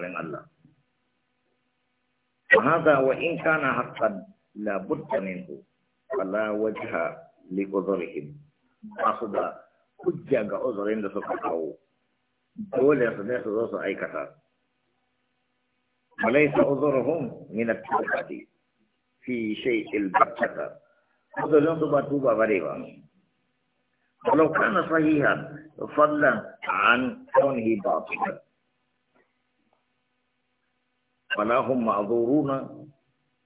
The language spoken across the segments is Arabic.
wurin Allah وهذا وإن كان حقا لا بد منه فلا وجه لعذرهم أصدى حجة عذرين لسكتوا دولة سنة سوزوس أي كتاب وليس عذرهم من التوبة في شيء البتة عذرهم تبا توبة غريبة ولو كان صحيحا فضلا عن كونه باطلا ولا هم معذورون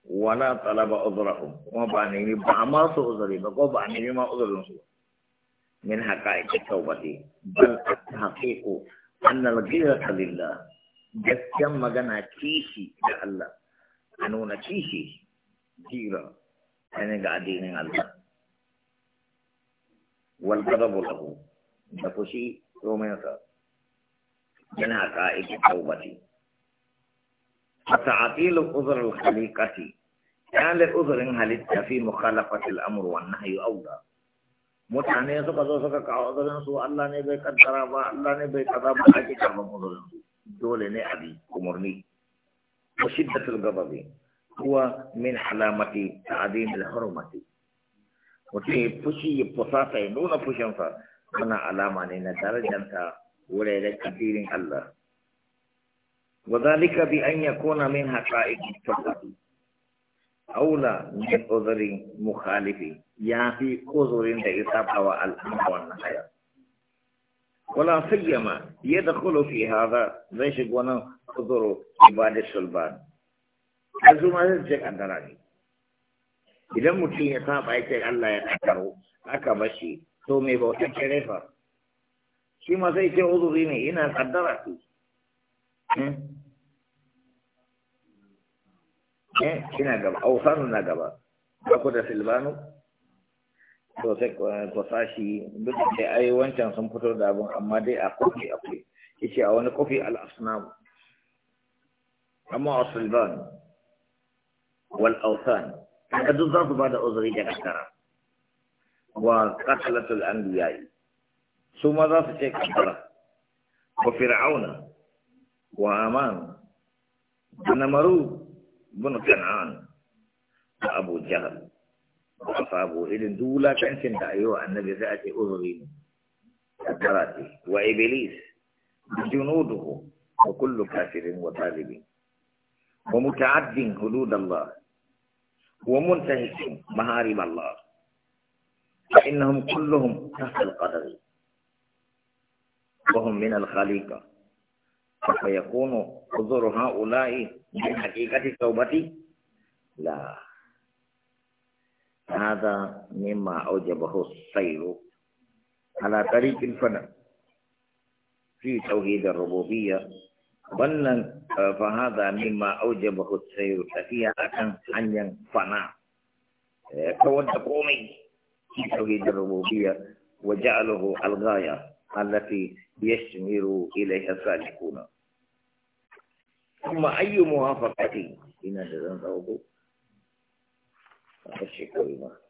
ولا طلب عذرهم ما بعني ما عمل سوء ذري ما قب ما عذرهم من حقائق التوبة بل حقيقة أن الغيرة لله جسم مجنى كيشي لله أنونا كيشي غيرة أنا قاعدين الله والغضب له بفشي رومانسا من حقائق التوبة فتعطيل عذر الخليقة كان لعذر هلت في مخالفة الأمر والنهي أولى mutane suka zo suka kawo uzurin su Allah ne bai kaddara ba Allah ne bai kaza ba ake karban uzurin dole ne abi umarni wa shiddatul ghadabi huwa min alamati ta'dimil hurmati mutum ya fushi ya fusata ya nuna fushinsa wannan alama ne na darajanta wuraren addinin Allah وذلك بأن يكون من حقائق التوحيد أولى من عذر مخالف يعفي عذر لإصابة والأمر والنهاية ولا سيما يدخل في هذا ليش قلنا عذر عباد السلبان أزوما زجك أدراني إذا متي يصاب أيتك الله يتكره أكبشي تومي بوتك شريفا شما زيتي عذريني إنا قدرتي Hmm? eh ina gaba ausanu na gaba ku da silvano to sai ku eh, sashi duk da ai wancan sun fito da abun amma dai a kofi akwai yace a wani kofi al asnam amma silvano wal ausan kaga duk za su bada uzuri da kankara wa qatlatul anbiya su ma za su ce kankara wa fir'auna وأمان بن مرو بن كنعان وأبو جهل وأصحابه إذن دولا تنسن دعيوه النبي ذاتي أذرين الدراتي وإبليس جنوده وكل كافر وطالب ومتعد حدود الله ومنتهك محارم الله فإنهم كلهم تحت القدر وهم من الخليقه فيكون عذر هؤلاء من حقيقة توبتي لا هذا مما أوجبه السير على طريق الفن في توحيد الربوبية wannan فهذا مما أوجبه السير sayr tafiya akan hanyar fana في توحيد الربوبية وجعله الغاية التي يشمر إليها السالكون ثم أي موافقة إن هذا